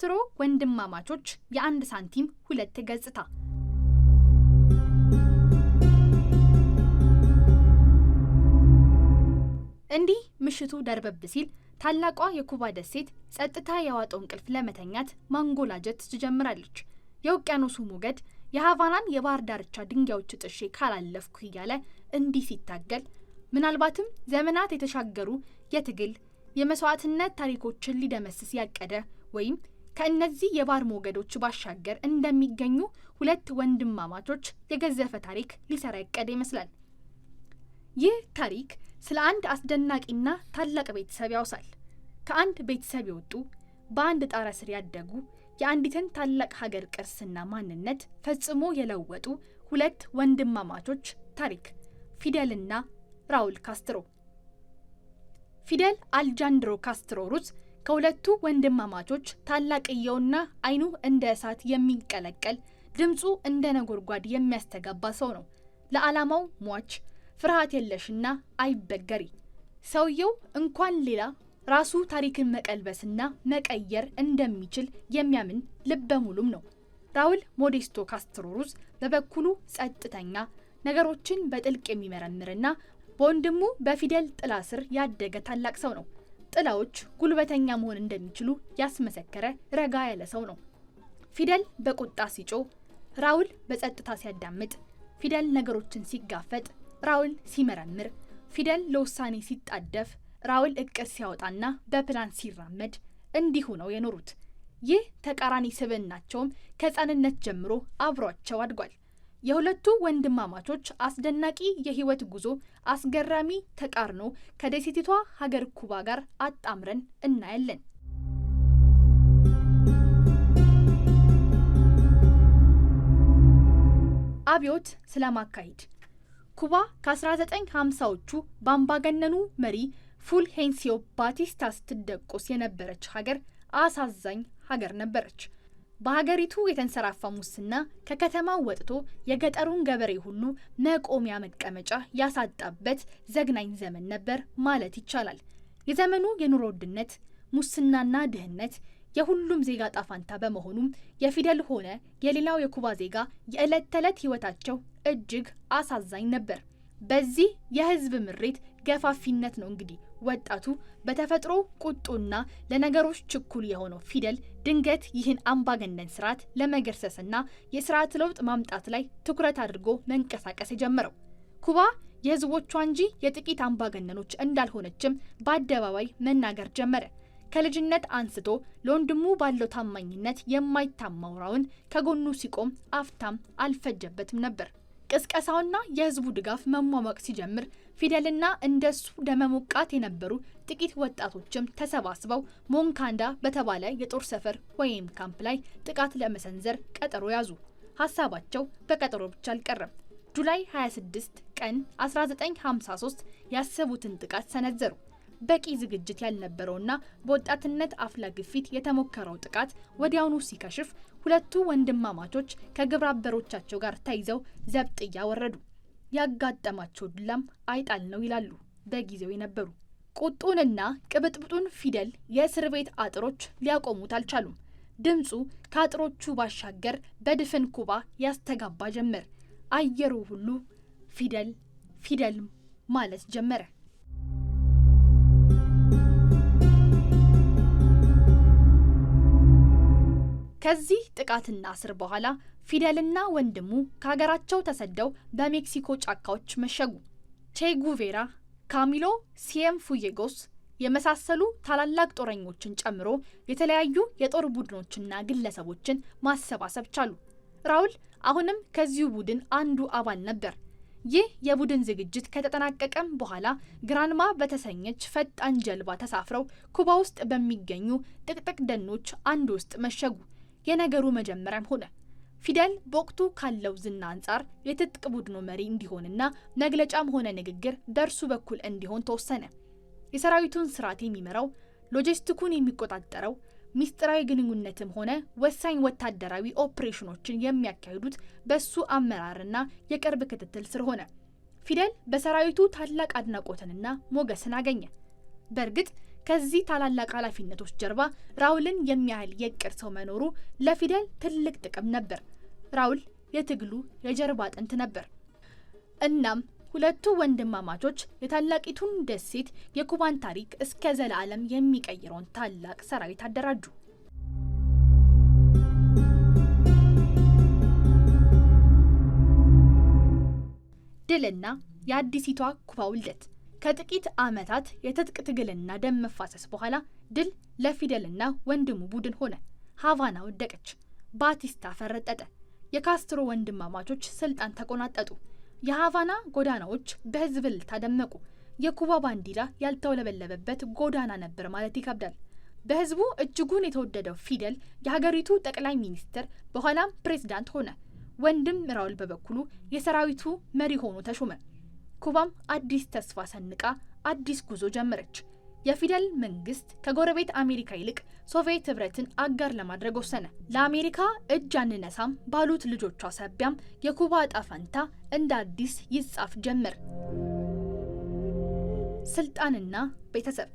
ካስትሮ ወንድማማቾች የአንድ ሳንቲም ሁለት ገጽታ። እንዲህ ምሽቱ ደርበብ ሲል ታላቋ የኩባ ደሴት ጸጥታ የዋጠው እንቅልፍ ለመተኛት ማንጎላጀት ትጀምራለች። የውቅያኖሱ ሞገድ የሀቫናን የባህር ዳርቻ ድንጋዮች ጥሼ ካላለፍኩ እያለ እንዲህ ሲታገል ምናልባትም ዘመናት የተሻገሩ የትግል የመስዋዕትነት ታሪኮችን ሊደመስስ ያቀደ ወይም ከእነዚህ የባር ሞገዶች ባሻገር እንደሚገኙ ሁለት ወንድማማቾች የገዘፈ ታሪክ ሊሰራ ይመስላል። ይህ ታሪክ ስለ አንድ አስደናቂና ታላቅ ቤተሰብ ያውሳል። ከአንድ ቤተሰብ የወጡ በአንድ ጣራ ስር ያደጉ የአንዲትን ታላቅ ሀገር ቅርስና ማንነት ፈጽሞ የለወጡ ሁለት ወንድማማቾች ታሪክ ፊደልና ራውል ካስትሮ ፊደል አልጃንድሮ ካስትሮ ሩዝ ከሁለቱ ወንድማማቾች ታላቅየውና አይኑ እንደ እሳት የሚንቀለቀል ድምፁ እንደ ነጎድጓድ የሚያስተጋባ ሰው ነው። ለዓላማው ሟች፣ ፍርሃት የለሽና አይበገሪ። ሰውየው እንኳን ሌላ ራሱ ታሪክን መቀልበስና መቀየር እንደሚችል የሚያምን ልበ ሙሉም ነው። ራውል ሞዴስቶ ካስትሮሩዝ በበኩሉ ጸጥተኛ፣ ነገሮችን በጥልቅ የሚመረምርና በወንድሙ በፊደል ጥላ ስር ያደገ ታላቅ ሰው ነው። ጥላዎች ጉልበተኛ መሆን እንደሚችሉ ያስመሰከረ ረጋ ያለ ሰው ነው። ፊደል በቁጣ ሲጮ፣ ራውል በጸጥታ ሲያዳምጥ፣ ፊደል ነገሮችን ሲጋፈጥ፣ ራውል ሲመረምር፣ ፊደል ለውሳኔ ሲጣደፍ፣ ራውል እቅድ ሲያወጣና በፕላን ሲራመድ እንዲሁ ነው የኖሩት። ይህ ተቃራኒ ስብዕናቸውም ከህፃንነት ጀምሮ አብሯቸው አድጓል። የሁለቱ ወንድማማቾች አስደናቂ የህይወት ጉዞ አስገራሚ ተቃርኖ ከደሴቲቷ ሀገር ኩባ ጋር አጣምረን እናያለን። አብዮት ስለማካሄድ ኩባ ከ1950ዎቹ በአምባገነኑ መሪ ሄንሲዮ ባቲስታ ስትደቆስ የነበረች ሀገር አሳዛኝ ሀገር ነበረች። በሀገሪቱ የተንሰራፋ ሙስና ከከተማው ወጥቶ የገጠሩን ገበሬ ሁሉ መቆሚያ መቀመጫ ያሳጣበት ዘግናኝ ዘመን ነበር ማለት ይቻላል። የዘመኑ የኑሮ ውድነት፣ ሙስናና ድህነት የሁሉም ዜጋ ጣፋንታ በመሆኑም የፊደል ሆነ የሌላው የኩባ ዜጋ የዕለት ተዕለት ህይወታቸው እጅግ አሳዛኝ ነበር። በዚህ የህዝብ ምሬት ገፋፊነት ነው እንግዲህ ወጣቱ በተፈጥሮ ቁጡና ለነገሮች ችኩል የሆነው ፊደል ድንገት ይህን አምባገነን ስርዓት ለመገርሰስና የስርዓት ለውጥ ማምጣት ላይ ትኩረት አድርጎ መንቀሳቀስ የጀመረው። ኩባ የህዝቦቿ እንጂ የጥቂት አምባገነኖች እንዳልሆነችም በአደባባይ መናገር ጀመረ። ከልጅነት አንስቶ ለወንድሙ ባለው ታማኝነት የማይታማውራውን ከጎኑ ሲቆም አፍታም አልፈጀበትም ነበር። ቅስቀሳውና የህዝቡ ድጋፍ መሟሟቅ ሲጀምር ፊደልና እንደሱ ደመሞቃት የነበሩ ጥቂት ወጣቶችም ተሰባስበው ሞንካንዳ በተባለ የጦር ሰፈር ወይም ካምፕ ላይ ጥቃት ለመሰንዘር ቀጠሮ ያዙ። ሀሳባቸው በቀጠሮ ብቻ አልቀረም። ጁላይ 26 ቀን 1953 ያሰቡትን ጥቃት ሰነዘሩ። በቂ ዝግጅት ያልነበረውና በወጣትነት አፍላ ግፊት የተሞከረው ጥቃት ወዲያውኑ ሲከሽፍ ሁለቱ ወንድማማቾች ከግብረ አበሮቻቸው ጋር ተይዘው ዘብጥያ ወረዱ። ያጋጠማቸው ዱላም አይጣል ነው ይላሉ በጊዜው የነበሩ። ቁጡንና ቅብጥብጡን ፊደል የእስር ቤት አጥሮች ሊያቆሙት አልቻሉም። ድምፁ ከአጥሮቹ ባሻገር በድፍን ኩባ ያስተጋባ ጀመር። አየሩ ሁሉ ፊደል ፊደል ማለት ጀመረ። ከዚህ ጥቃትና እስር በኋላ ፊደልና ወንድሙ ከሀገራቸው ተሰደው በሜክሲኮ ጫካዎች መሸጉ። ቼጉቬራ፣ ካሚሎ ካሚሎ ሲየምፉዬጎስ የመሳሰሉ ታላላቅ ጦረኞችን ጨምሮ የተለያዩ የጦር ቡድኖችና ግለሰቦችን ማሰባሰብ ቻሉ። ራውል አሁንም ከዚሁ ቡድን አንዱ አባል ነበር። ይህ የቡድን ዝግጅት ከተጠናቀቀም በኋላ ግራንማ በተሰኘች ፈጣን ጀልባ ተሳፍረው ኩባ ውስጥ በሚገኙ ጥቅጥቅ ደኖች አንድ ውስጥ መሸጉ። የነገሩ መጀመሪያም ሆነ። ፊደል በወቅቱ ካለው ዝና አንጻር የትጥቅ ቡድኑ መሪ እንዲሆንና መግለጫም ሆነ ንግግር በእርሱ በኩል እንዲሆን ተወሰነ። የሰራዊቱን ስርዓት የሚመራው፣ ሎጂስቲኩን የሚቆጣጠረው፣ ሚስጥራዊ ግንኙነትም ሆነ ወሳኝ ወታደራዊ ኦፕሬሽኖችን የሚያካሂዱት በሱ አመራርና የቅርብ ክትትል ስር ሆነ። ፊደል በሰራዊቱ ታላቅ አድናቆትንና ሞገስን አገኘ። በእርግጥ ከዚህ ታላላቅ ኃላፊነቶች ጀርባ ራውልን የሚያህል የቅር ሰው መኖሩ ለፊደል ትልቅ ጥቅም ነበር። ራውል የትግሉ የጀርባ አጥንት ነበር። እናም ሁለቱ ወንድማማቾች የታላቂቱን ደሴት የኩባን ታሪክ እስከ ዘላለም የሚቀይረውን ታላቅ ሰራዊት አደራጁ። ድልና የአዲሲቷ ኩባ ውልደት ከጥቂት ዓመታት የትጥቅ ትግልና ደም መፋሰስ በኋላ ድል ለፊደልና ወንድሙ ቡድን ሆነ። ሃቫና ወደቀች። ባቲስታ ፈረጠጠ። የካስትሮ ወንድማማቾች ስልጣን ተቆናጠጡ። የሃቫና ጎዳናዎች በህዝብ እልልታ ደመቁ። የኩባ ባንዲራ ያልተውለበለበበት ጎዳና ነበር ማለት ይከብዳል። በህዝቡ እጅጉን የተወደደው ፊደል የሀገሪቱ ጠቅላይ ሚኒስትር በኋላም ፕሬዝዳንት ሆነ። ወንድም ራውል በበኩሉ የሰራዊቱ መሪ ሆኖ ተሾመ። ኩባም አዲስ ተስፋ ሰንቃ አዲስ ጉዞ ጀመረች። የፊደል መንግስት ከጎረቤት አሜሪካ ይልቅ ሶቪየት ህብረትን አጋር ለማድረግ ወሰነ። ለአሜሪካ እጅ አንነሳም ባሉት ልጆቿ ሰቢያም የኩባ እጣ ፈንታ እንደ አዲስ ይጻፍ ጀመር። ስልጣንና ቤተሰብ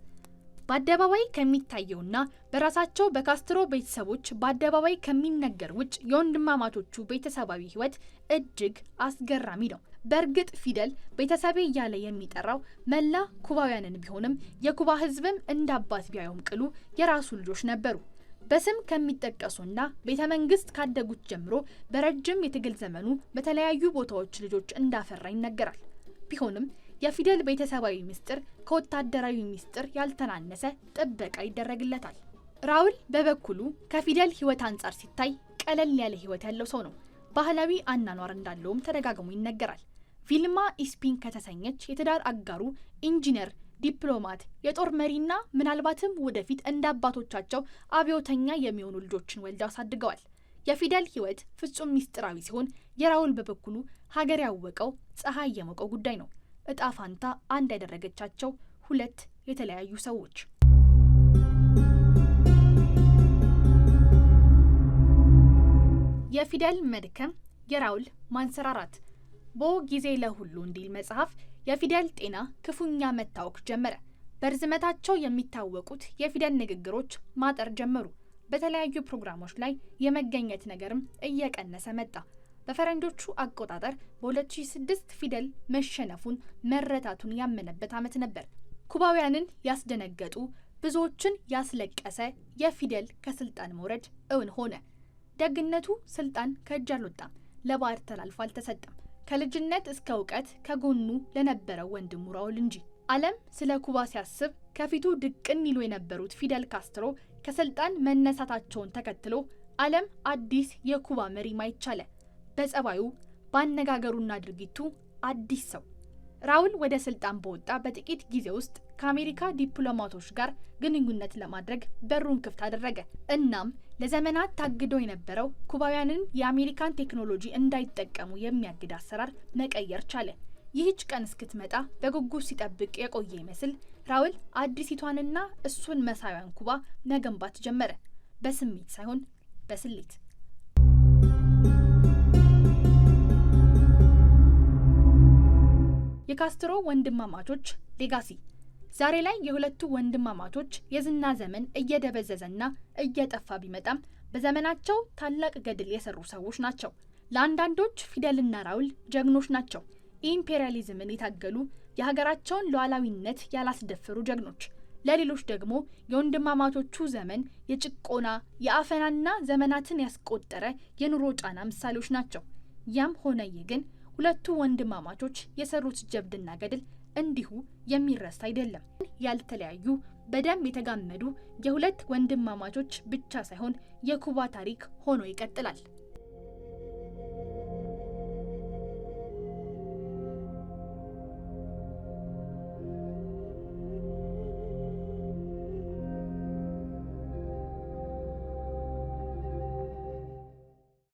በአደባባይ ከሚታየውና በራሳቸው በካስትሮ ቤተሰቦች በአደባባይ ከሚነገር ውጭ የወንድማማቾቹ ቤተሰባዊ ህይወት እጅግ አስገራሚ ነው። በእርግጥ ፊደል ቤተሰቤ እያለ የሚጠራው መላ ኩባውያንን ቢሆንም የኩባ ህዝብም እንደ አባት ቢያየውም ቅሉ የራሱ ልጆች ነበሩ። በስም ከሚጠቀሱና ቤተ መንግስት ካደጉት ጀምሮ በረጅም የትግል ዘመኑ በተለያዩ ቦታዎች ልጆች እንዳፈራ ይነገራል። ቢሆንም የፊደል ቤተሰባዊ ምስጢር ከወታደራዊ ምስጢር ያልተናነሰ ጥበቃ ይደረግለታል። ራውል በበኩሉ ከፊደል ህይወት አንጻር ሲታይ ቀለል ያለ ህይወት ያለው ሰው ነው። ባህላዊ አናኗር እንዳለውም ተደጋግሞ ይነገራል። ቪልማ ኢስፒን ከተሰኘች የትዳር አጋሩ ኢንጂነር፣ ዲፕሎማት፣ የጦር መሪና ምናልባትም ወደፊት እንደ አባቶቻቸው አብዮተኛ የሚሆኑ ልጆችን ወልደው አሳድገዋል። የፊደል ሕይወት ፍጹም ሚስጥራዊ ሲሆን የራውል በበኩሉ ሀገር ያወቀው ፀሐይ የሞቀው ጉዳይ ነው። እጣ ፋንታ አንድ ያደረገቻቸው ሁለት የተለያዩ ሰዎች። የፊደል መድከም፣ የራውል ማንሰራራት በጊዜ ለሁሉ እንዲል መጽሐፍ የፊደል ጤና ክፉኛ መታወክ ጀመረ። በርዝመታቸው የሚታወቁት የፊደል ንግግሮች ማጠር ጀመሩ። በተለያዩ ፕሮግራሞች ላይ የመገኘት ነገርም እየቀነሰ መጣ። በፈረንጆቹ አቆጣጠር በ2006 ፊደል መሸነፉን መረታቱን ያመነበት ዓመት ነበር። ኩባውያንን ያስደነገጡ ብዙዎችን ያስለቀሰ የፊደል ከስልጣን መውረድ እውን ሆነ። ደግነቱ ስልጣን ከእጅ አልወጣም፣ ለባዕድ ተላልፎ አልተሰጠም። ከልጅነት እስከ እውቀት ከጎኑ ለነበረው ወንድሙ ራውል እንጂ። ዓለም ስለ ኩባ ሲያስብ ከፊቱ ድቅን ይሉ የነበሩት ፊደል ካስትሮ ከስልጣን መነሳታቸውን ተከትሎ ዓለም አዲስ የኩባ መሪ ማየት ቻለ። በጸባዩ ባነጋገሩና ድርጊቱ አዲስ ሰው። ራውል ወደ ስልጣን በወጣ በጥቂት ጊዜ ውስጥ ከአሜሪካ ዲፕሎማቶች ጋር ግንኙነት ለማድረግ በሩን ክፍት አደረገ። እናም ለዘመናት ታግዶ የነበረው ኩባውያንን የአሜሪካን ቴክኖሎጂ እንዳይጠቀሙ የሚያግድ አሰራር መቀየር ቻለ። ይህች ቀን እስክትመጣ በጉጉት ሲጠብቅ የቆየ ይመስል ራውል አዲሲቷንና እሱን መሳዩን ኩባ መገንባት ጀመረ። በስሜት ሳይሆን በስሌት። የካስትሮ ወንድማማቾች ሌጋሲ ዛሬ ላይ የሁለቱ ወንድማማቾች የዝና ዘመን እየደበዘዘና እየጠፋ ቢመጣም በዘመናቸው ታላቅ ገድል የሰሩ ሰዎች ናቸው። ለአንዳንዶች ፊደልና ራውል ጀግኖች ናቸው። ኢምፔሪያሊዝምን የታገሉ የሀገራቸውን ሉዓላዊነት ያላስደፈሩ ጀግኖች፣ ለሌሎች ደግሞ የወንድማማቾቹ ዘመን የጭቆና የአፈናና ዘመናትን ያስቆጠረ የኑሮ ጫና ምሳሌዎች ናቸው። ያም ሆነ ይህ ግን ሁለቱ ወንድማማቾች የሰሩት ጀብድና ገድል እንዲሁ የሚረሳ አይደለም። ያልተለያዩ በደም የተጋመዱ የሁለት ወንድማማቾች ብቻ ሳይሆን የኩባ ታሪክ ሆኖ ይቀጥላል።